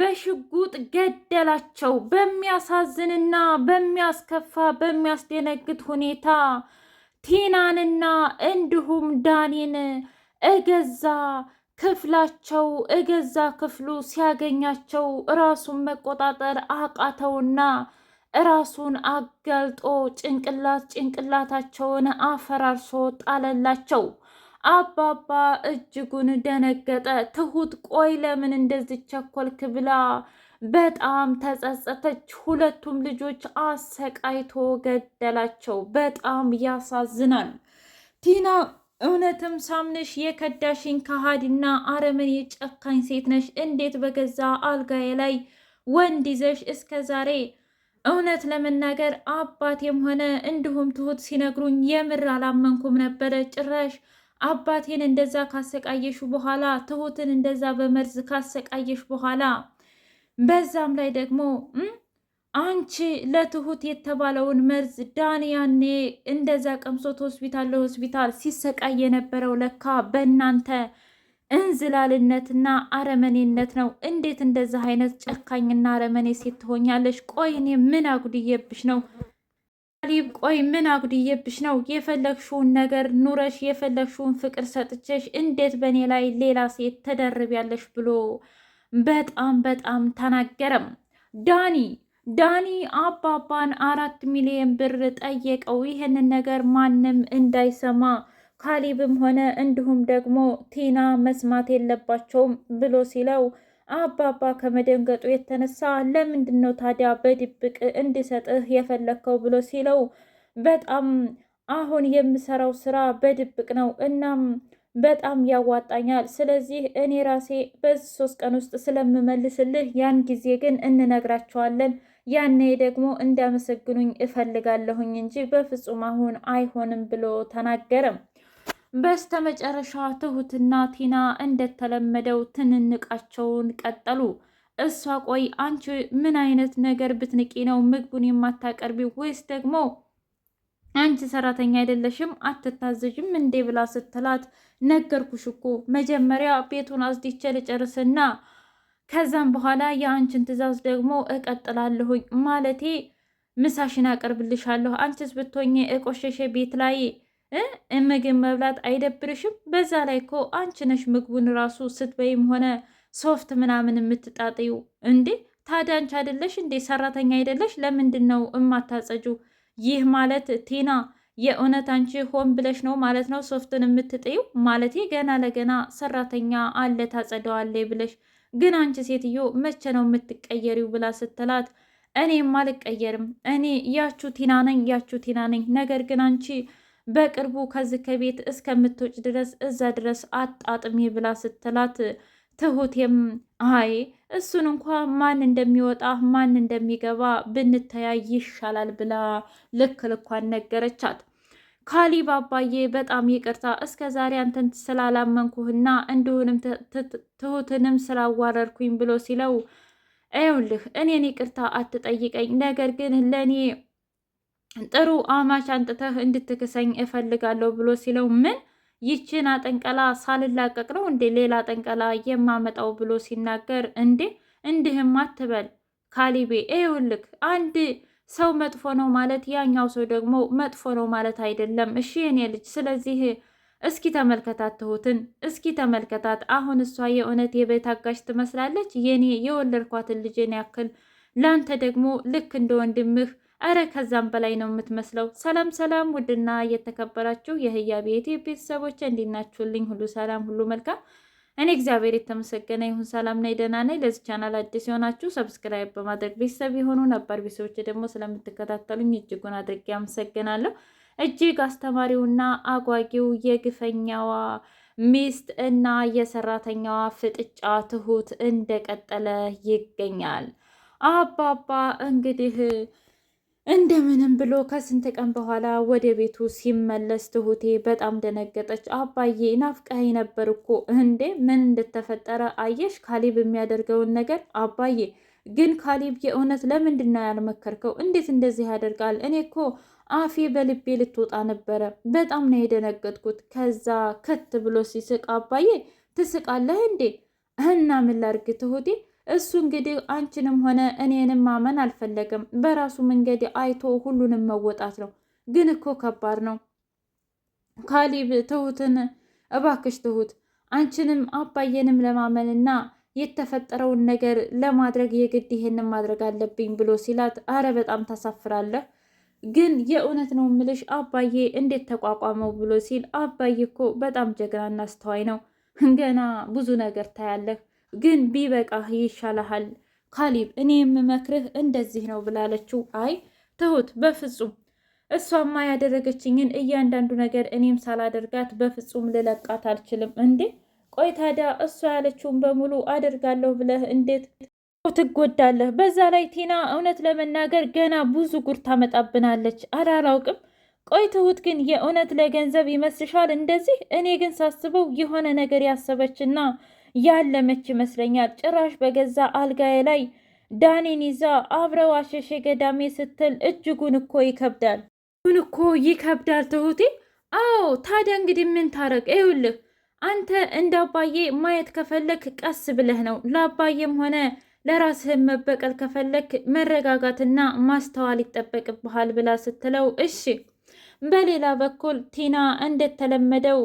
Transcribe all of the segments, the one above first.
በሽጉጥ ገደላቸው። በሚያሳዝንና በሚያስከፋ በሚያስደነግጥ ሁኔታ ቲናንና እንዲሁም ዳኒን እገዛ ክፍላቸው እገዛ ክፍሉ ሲያገኛቸው ራሱን መቆጣጠር አቃተውና ራሱን አጋልጦ ጭንቅላት ጭንቅላታቸውን አፈራርሶ ጣለላቸው። አባባ እጅጉን ደነገጠ። ትሁት ቆይ ለምን እንደዚህ ቸኮልክ ብላ በጣም ተጸጸተች። ሁለቱም ልጆች አሰቃይቶ ገደላቸው። በጣም ያሳዝናል። ቲና እውነትም ሳምንሽ የከዳሽን ከሃዲና አረመኔ የጨካኝ ሴት ነሽ። እንዴት በገዛ አልጋዬ ላይ ወንድ ይዘሽ እስከ ዛሬ እውነት ለመናገር አባቴም ሆነ እንዲሁም ትሁት ሲነግሩኝ የምር አላመንኩም ነበረ ጭራሽ አባቴን እንደዛ ካሰቃየሽ በኋላ ትሁትን እንደዛ በመርዝ ካሰቃየሽ በኋላ በዛም ላይ ደግሞ አንቺ ለትሁት የተባለውን መርዝ ዳን ያኔ እንደዛ ቀምሶት ሆስፒታል ለሆስፒታል ሲሰቃይ የነበረው ለካ በእናንተ እንዝላልነትና አረመኔነት ነው። እንዴት እንደዛ አይነት ጨካኝና አረመኔ ሴት ትሆኛለሽ? ቆይ ምን አጉድዬብሽ ነው ካሌብ ቆይ ምን አጉድዬብሽ ነው? የፈለግሽውን ነገር ኑረሽ የፈለግሽውን ፍቅር ሰጥቼሽ እንዴት በእኔ ላይ ሌላ ሴት ተደርቢያለሽ? ብሎ በጣም በጣም ተናገረም። ዳኒ ዳኒ አባባን አራት ሚሊዮን ብር ጠየቀው። ይህንን ነገር ማንም እንዳይሰማ ካሊብም ሆነ እንዲሁም ደግሞ ቲና መስማት የለባቸውም ብሎ ሲለው አባባ ከመደንገጡ የተነሳ ለምንድን ነው ታዲያ በድብቅ እንድሰጥህ የፈለግከው ብሎ ሲለው በጣም አሁን የምሰራው ስራ በድብቅ ነው፣ እናም በጣም ያዋጣኛል። ስለዚህ እኔ ራሴ በዚህ ሶስት ቀን ውስጥ ስለምመልስልህ ያን ጊዜ ግን እንነግራቸዋለን። ያኔ ደግሞ እንዲያመሰግኑኝ እፈልጋለሁኝ እንጂ በፍጹም አሁን አይሆንም ብሎ ተናገረም። በስተመጨረሻ ትሁትና ቲና እንደተለመደው ትንንቃቸውን ቀጠሉ። እሷ ቆይ አንቺ ምን አይነት ነገር ብትንቂ ነው ምግቡን የማታቀርቢ ወይስ ደግሞ አንቺ ሰራተኛ አይደለሽም አትታዘዥም እንዴ ብላ ስትላት፣ ነገርኩሽ እኮ መጀመሪያ ቤቱን አጽድቼ ልጨርስና ከዛም በኋላ የአንቺን ትዕዛዝ ደግሞ እቀጥላለሁኝ። ማለቴ ምሳሽን አቀርብልሻለሁ። አንቺስ ብትሆኚ እቆሸሸ ቤት ላይ ምግብ መብላት አይደብርሽም? በዛ ላይ እኮ አንቺ ነሽ ምግቡን ራሱ ስትበይም ሆነ ሶፍት ምናምን የምትጣጥዩ እንዴ? ታዲያ አንቺ አይደለሽ እንዴ ሰራተኛ አይደለሽ? ለምንድን ነው እማታጸጁው? ይህ ማለት ቴና የእውነት አንቺ ሆን ብለሽ ነው ማለት ነው ሶፍትን የምትጥዩ? ማለቴ ገና ለገና ሰራተኛ አለ ታጸደዋለ ብለሽ ግን አንቺ ሴትዮ መቼ ነው የምትቀየሪው? ብላ ስትላት እኔም አልቀየርም እኔ ያችሁ ቲና ነኝ ያችሁ ቲና ነኝ። ነገር ግን አንቺ በቅርቡ ከዚህ ከቤት እስከምትወጭ ድረስ እዛ ድረስ አጣጥሜ ብላ ስትላት ትሁቴም አይ እሱን እንኳ ማን እንደሚወጣ ማን እንደሚገባ ብንተያይ ይሻላል ብላ ልክ ልኳን ነገረቻት። ካሊብ አባዬ በጣም ይቅርታ እስከ ዛሬ አንተን ስላላመንኩህና እንዲሁንም ትሁትንም ስላዋረርኩኝ ብሎ ሲለው፣ ይኸውልህ እኔን ይቅርታ አትጠይቀኝ፣ ነገር ግን ለእኔ ጥሩ አማች አንጥተህ እንድትክሰኝ እፈልጋለሁ ብሎ ሲለው ምን ይችን አጠንቀላ ሳልላቀቅ ነው እንዴ ሌላ አጠንቀላ የማመጣው ብሎ ሲናገር፣ እንዴ እንዲህም አትበል ካሊቤ፣ ይኸውልህ አንድ ሰው መጥፎ ነው ማለት ያኛው ሰው ደግሞ መጥፎ ነው ማለት አይደለም። እሺ የኔ ልጅ፣ ስለዚህ እስኪ ተመልከታት ትሁትን፣ እስኪ ተመልከታት። አሁን እሷ የእውነት የቤት አጋሽ ትመስላለች። የኔ የወለድኳትን ልጅን ያክል ለአንተ ደግሞ ልክ እንደ ወንድምህ እረ ከዛም በላይ ነው የምትመስለው። ሰላም ሰላም! ውድና እየተከበራችሁ የህያ ቤቴ ቤተሰቦች እንዲናችሁልኝ ሁሉ ሰላም፣ ሁሉ መልካም። እኔ እግዚአብሔር የተመሰገነ ይሁን ሰላም ነኝ፣ ደህና ነኝ። ለዚህ ቻናል አዲስ የሆናችሁ ሰብስክራይብ በማድረግ ቤተሰብ የሆኑ ነባር ቤተሰቦች ደግሞ ስለምትከታተሉኝ እጅጉን አድርጌ አመሰግናለሁ። እጅግ አስተማሪውና አጓጊው የግፈኛዋ ሚስት እና የሰራተኛዋ ፍጥጫ ትሁት እንደቀጠለ ይገኛል። አባባ እንግዲህ እንደምንም ብሎ ከስንት ቀን በኋላ ወደ ቤቱ ሲመለስ ትሁቴ በጣም ደነገጠች። አባዬ ናፍቀኸኝ ነበር እኮ እንዴ! ምን እንደተፈጠረ አየሽ? ካሊብ የሚያደርገውን ነገር አባዬ ግን ካሊብ የእውነት ለምንድን ነው ያልመከርከው? እንዴት እንደዚህ ያደርጋል? እኔ እኮ አፌ በልቤ ልትወጣ ነበረ። በጣም ነው የደነገጥኩት። ከዛ ከት ብሎ ሲስቅ አባዬ ትስቃለህ እንዴ? እና ምን ላርግ ትሁቴ እሱ እንግዲህ አንቺንም ሆነ እኔንም ማመን አልፈለግም በራሱ መንገድ አይቶ ሁሉንም መወጣት ነው። ግን እኮ ከባድ ነው። ካሊብ ትሁትን እባክሽ ትሁት አንቺንም አባዬንም ለማመንና የተፈጠረውን ነገር ለማድረግ የግድ ይሄንን ማድረግ አለብኝ ብሎ ሲላት፣ አረ በጣም ታሳፍራለህ፣ ግን የእውነት ነው ምልሽ አባዬ እንዴት ተቋቋመው ብሎ ሲል፣ አባዬ እኮ በጣም ጀግናና አስተዋይ ነው። ገና ብዙ ነገር ታያለህ ግን ቢበቃህ ይሻልሃል ካሊብ፣ እኔ የምመክርህ እንደዚህ ነው ብላለችው። አይ ትሁት በፍጹም እሷማ ያደረገችኝን እያንዳንዱ ነገር እኔም ሳላደርጋት በፍጹም ልለቃት አልችልም። እንዴ ቆይ ታዲያ እሷ ያለችውን በሙሉ አደርጋለሁ ብለህ እንዴት ትጎዳለህ? በዛ ላይ ቲና እውነት ለመናገር ገና ብዙ ጉር ታመጣብናለች። አላላውቅም። ቆይ ትሁት ግን የእውነት ለገንዘብ ይመስሻል እንደዚህ? እኔ ግን ሳስበው የሆነ ነገር ያሰበችና ያለመች ይመስለኛል። ጭራሽ በገዛ አልጋዬ ላይ ዳኔን ይዛ አብረው አሸሸ ገዳሜ ስትል እጅጉን እኮ ይከብዳል። እጁን እኮ ይከብዳል ትሁቴ። አዎ ታዲያ እንግዲህ ምን ታረቅ? ይኸውልህ አንተ እንደ አባዬ ማየት ከፈለክ ቀስ ብለህ ነው። ለአባዬም ሆነ ለራስህን መበቀል ከፈለክ መረጋጋትና ማስተዋል ይጠበቅብሃል ብላ ስትለው እሺ። በሌላ በኩል ቲና እንደተለመደው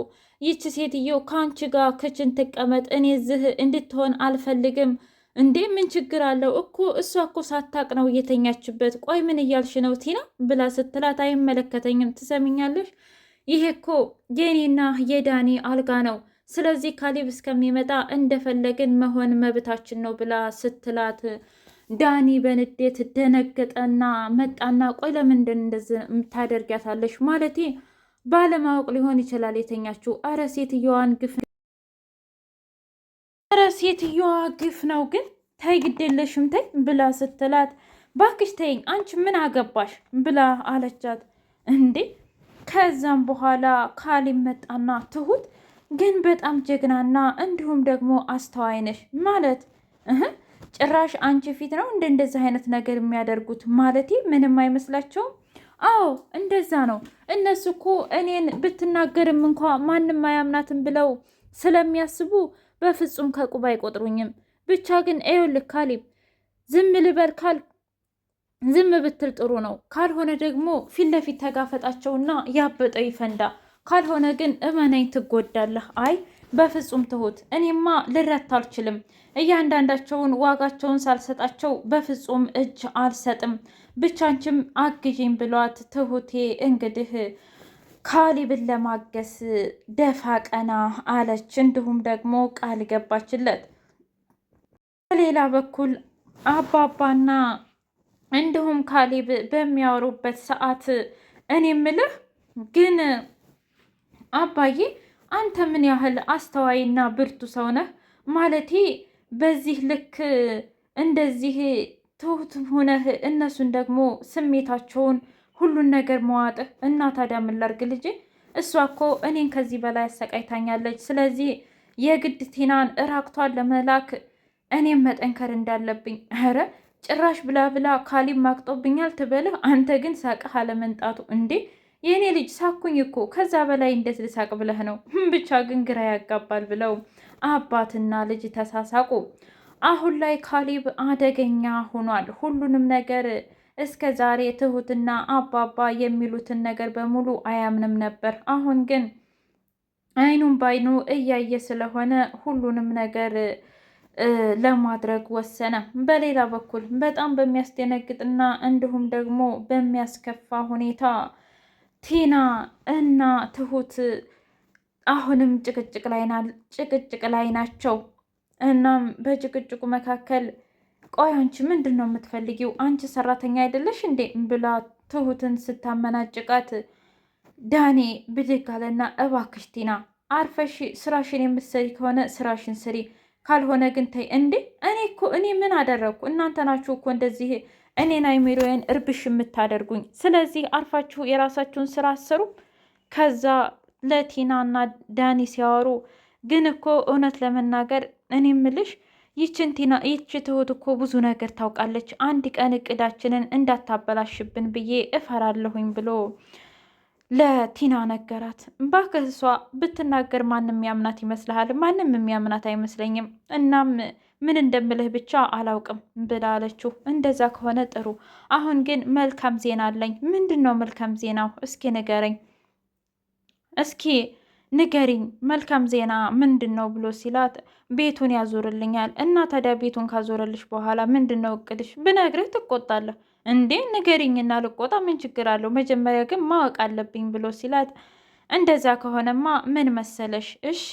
ይቺ ሴትዮ ከአንቺ ጋር ክችን ትቀመጥ፣ እኔ ዝህ እንድትሆን አልፈልግም። እንዴ ምን ችግር አለው እኮ እሷ እኮ ሳታቅ ነው እየተኛችበት። ቆይ ምን እያልሽ ነው ቲና ብላ ስትላት፣ አይመለከተኝም ትሰሚኛለሽ፣ ይሄ እኮ የኔና የዳኒ አልጋ ነው። ስለዚህ ካሊብ እስከሚመጣ እንደፈለግን መሆን መብታችን ነው ብላ ስትላት ዳኒ በንዴት ደነገጠና መጣና ቆይ ለምንድን እንደዚህ ታደርጊያታለሽ ማለቴ ባለማወቅ ሊሆን ይችላል የተኛችው። አረ ሴትየዋን ግፍ አረ ሴትየዋ ግፍ ነው ግን ተይ ግዴለሽም ተይ ብላ ስትላት ባክሽ ተይኝ አንቺ ምን አገባሽ ብላ አለቻት። እንዴ ከዛም በኋላ ካሌብ መጣና ትሁት ግን በጣም ጀግናና እንዲሁም ደግሞ አስተዋይ ነሽ ማለት ጭራሽ አንቺ ፊት ነው እንደ እንደዚህ አይነት ነገር የሚያደርጉት ማለቴ ምንም አይመስላቸውም አዎ እንደዛ ነው። እነሱ እኮ እኔን ብትናገርም እንኳ ማንም አያምናትም ብለው ስለሚያስቡ በፍጹም ከቁብ አይቆጥሩኝም። ብቻ ግን ኤውልክ ካሌብ ዝም ልበል ካል ዝም ብትል ጥሩ ነው። ካልሆነ ደግሞ ፊት ለፊት ተጋፈጣቸውና ያበጠው ይፈንዳ። ካልሆነ ግን እመነኝ ትጎዳለህ። አይ በፍጹም ትሁት፣ እኔማ ልረት አልችልም። እያንዳንዳቸውን ዋጋቸውን ሳልሰጣቸው በፍጹም እጅ አልሰጥም። ብቻንችም አግዥኝ ብሏት ትሁቴ እንግዲህ ካሊብን ለማገስ ደፋ ቀና አለች። እንዲሁም ደግሞ ቃል ገባችለት። በሌላ በኩል አባባና እንዲሁም ካሊብ በሚያወሩበት ሰዓት እኔ ምልህ ግን አባዬ አንተ ምን ያህል አስተዋይና ብርቱ ሰው ነህ? ማለቴ በዚህ ልክ እንደዚህ ትሁት ሆነህ እነሱን ደግሞ ስሜታቸውን ሁሉን ነገር መዋጥህ እና ታዲያ ምን ላድርግ ልጄ? እሷ እኮ እኔን ከዚህ በላይ አሰቃይታኛለች። ስለዚህ የግድ ቴናን እራቅቷን ለመላክ እኔም መጠንከር እንዳለብኝ። ኧረ ጭራሽ ብላ ብላ ካሊብ ማቅጦብኛል ትበልህ። አንተ ግን ሳቅህ አለመንጣቱ እንዴ! የእኔ ልጅ ሳኩኝ እኮ ከዛ በላይ እንዴት ልሳቅ ብለህ ነው? ብቻ ግን ግራ ያጋባል ብለው አባትና ልጅ ተሳሳቁ። አሁን ላይ ካሊብ አደገኛ ሆኗል። ሁሉንም ነገር እስከ ዛሬ ትሁትና አባባ የሚሉትን ነገር በሙሉ አያምንም ነበር። አሁን ግን አይኑን ባይኑ እያየ ስለሆነ ሁሉንም ነገር ለማድረግ ወሰነ። በሌላ በኩል በጣም በሚያስደነግጥና እንዲሁም ደግሞ በሚያስከፋ ሁኔታ ቲና እና ትሁት አሁንም ጭቅጭቅ ላይ ናቸው። እናም በጭቅጭቁ መካከል ቆይ አንቺ ምንድን ነው የምትፈልጊው? አንቺ ሰራተኛ አይደለሽ እንዴ? ብላ ትሁትን ስታመናጭቃት ዳኔ ብድግ አለና እባክሽ ቲና አርፈሽ ስራሽን የምትሰሪ ከሆነ ስራሽን ስሪ፣ ካልሆነ ግን ተይ። እንዴ እኔ እኮ እኔ ምን አደረግኩ? እናንተ ናችሁ እኮ እንደዚህ እኔን አይሜሮን እርብሽ የምታደርጉኝ። ስለዚህ አርፋችሁ የራሳችሁን ስራ አሰሩ። ከዛ ለቲናና ዳኒ ሲያወሩ ግን እኮ እውነት ለመናገር እኔ ምልሽ ይችን ቲና ይች ትሁት እኮ ብዙ ነገር ታውቃለች። አንድ ቀን እቅዳችንን እንዳታበላሽብን ብዬ እፈራለሁኝ ብሎ ለቲና ነገራት። እባክህ ብትናገር ማንም የሚያምናት ይመስልሃል? ማንም የሚያምናት አይመስለኝም። እናም ምን እንደምልህ ብቻ አላውቅም ብላ እንደዛ ከሆነ ጥሩ። አሁን ግን መልካም ዜና አለኝ። ምንድን ነው መልካም ዜናው? እስኪ ንገረኝ፣ እስኪ ንገሪኝ፣ መልካም ዜና ምንድን ነው ብሎ ሲላት ቤቱን ያዞርልኛል። እና ታዲያ ቤቱን ካዞረልሽ በኋላ ምንድን ነው እቅድሽ? ብነግርህ ትቆጣለህ እንዴ? እና ልቆጣ፣ ምን ችግር አለው? መጀመሪያ ግን ማወቅ አለብኝ ብሎ ሲላት እንደዛ ከሆነማ ምን መሰለሽ፣ እሺ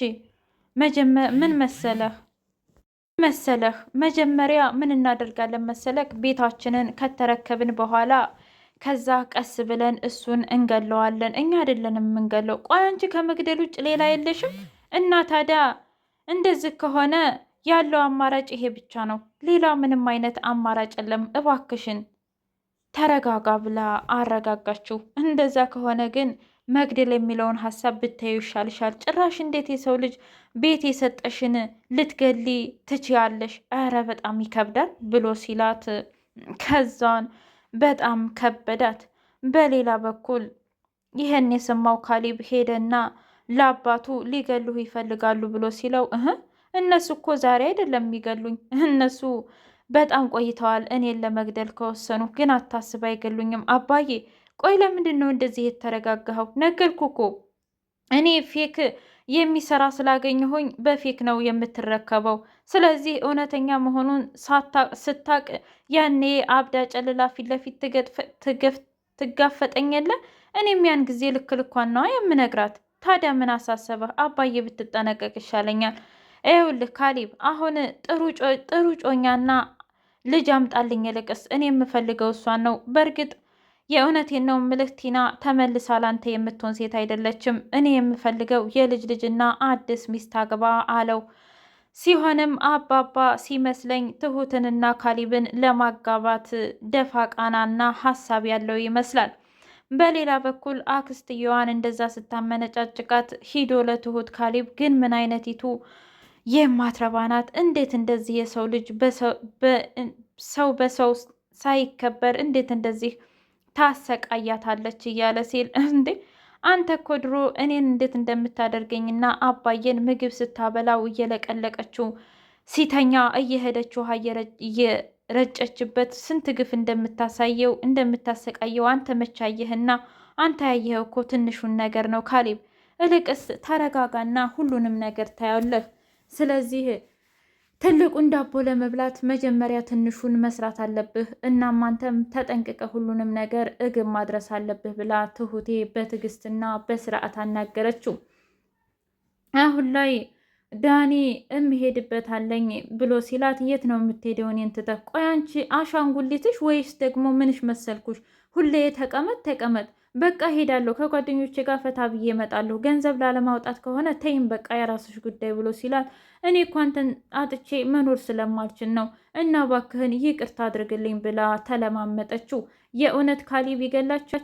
ምን መሰለህ መሰለህ መጀመሪያ ምን እናደርጋለን መሰለክ፣ ቤታችንን ከተረከብን በኋላ ከዛ ቀስ ብለን እሱን እንገለዋለን። እኛ አይደለንም የምንገለው። ቆይ አንቺ ከመግደል ውጭ ሌላ የለሽም? እና ታዲያ እንደዚህ ከሆነ ያለው አማራጭ ይሄ ብቻ ነው። ሌላ ምንም አይነት አማራጭ የለም። እባክሽን ተረጋጋ ብላ አረጋጋችሁ። እንደዛ ከሆነ ግን መግደል የሚለውን ሀሳብ ብታዩ ይሻልሻል። ጭራሽ እንዴት የሰው ልጅ ቤት የሰጠሽን ልትገሊ ትችያለሽ? ኧረ በጣም ይከብዳል ብሎ ሲላት ከዛን በጣም ከበዳት። በሌላ በኩል ይህን የሰማው ካሊብ ሄደና ለአባቱ ሊገሉህ ይፈልጋሉ ብሎ ሲለው እ እነሱ እኮ ዛሬ አይደለም የሚገሉኝ እነሱ በጣም ቆይተዋል። እኔን ለመግደል ከወሰኑ ግን አታስብ አይገሉኝም አባዬ ቆይ ለምንድን ነው እንደዚህ የተረጋጋኸው? ነገርኩ እኮ እኔ ፌክ የሚሰራ ስላገኘሁኝ በፌክ ነው የምትረከበው። ስለዚህ እውነተኛ መሆኑን ስታቅ ያኔ አብዳ ጨልላ ፊት ለፊት ትጋፈጠኝ የለ እኔም ያን ጊዜ ልክ ልኳን ነዋ የምነግራት። ታዲያ ምን አሳሰበህ? አባዬ ብትጠነቀቅ ይሻለኛል። ይኸውልህ ካሊብ፣ አሁን ጥሩ ጮኛና ልጅ አምጣልኝ። ልቅስ እኔ የምፈልገው እሷን ነው። በእርግጥ የእውነቴን ነው የምልህ ቲና፣ ተመልሳ ላንተ የምትሆን ሴት አይደለችም። እኔ የምፈልገው የልጅ ልጅና አዲስ ሚስት አግባ አለው። ሲሆንም አባባ ሲመስለኝ ትሁትንና ካሊብን ለማጋባት ደፋ ቃናና ሀሳብ ያለው ይመስላል። በሌላ በኩል አክስትየዋን እንደዛ ስታመነጫጭቃት ሂዶ ለትሁት ካሊብ ግን ምን አይነቲቱ የማትረባ ናት! እንዴት እንደዚህ የሰው ልጅ ሰው በሰው ሳይከበር እንዴት እንደዚህ ታሰቃያታለች እያለ ሲል እንዴ አንተ እኮ ድሮ እኔን እንዴት እንደምታደርገኝና አባዬን ምግብ ስታበላው እየለቀለቀችው ሲተኛ እየሄደች እየረጨችበት ስንት ግፍ እንደምታሳየው እንደምታሰቃየው አንተ መቻየህና አንተ ያየኸው እኮ ትንሹን ነገር ነው ካሌብ። እልቅስ ተረጋጋና ሁሉንም ነገር ታያለህ። ስለዚህ ትልቁን ዳቦ ለመብላት መጀመሪያ ትንሹን መስራት አለብህ። እናም አንተም ተጠንቅቀ ሁሉንም ነገር እግብ ማድረስ አለብህ ብላ ትሁቴ በትዕግስትና በስርዓት አናገረችው። አሁን ላይ ዳኒ እምሄድበት አለኝ ብሎ ሲላት የት ነው የምትሄደው? እኔን ትተህ ቆይ አንቺ አሻንጉሊትሽ ወይስ ደግሞ ምንሽ መሰልኩሽ? ሁሌ ተቀመጥ ተቀመጥ በቃ ሄዳለሁ፣ ከጓደኞቼ ጋር ፈታ ብዬ እመጣለሁ። ገንዘብ ላለማውጣት ከሆነ ተይም፣ በቃ የራስሽ ጉዳይ ብሎ ሲላል እኔ እኮ አንተን አጥቼ መኖር ስለማልችል ነው እና እባክህን ይቅርታ አድርግልኝ ብላ ተለማመጠችው። የእውነት ካሊብ ይገላቸው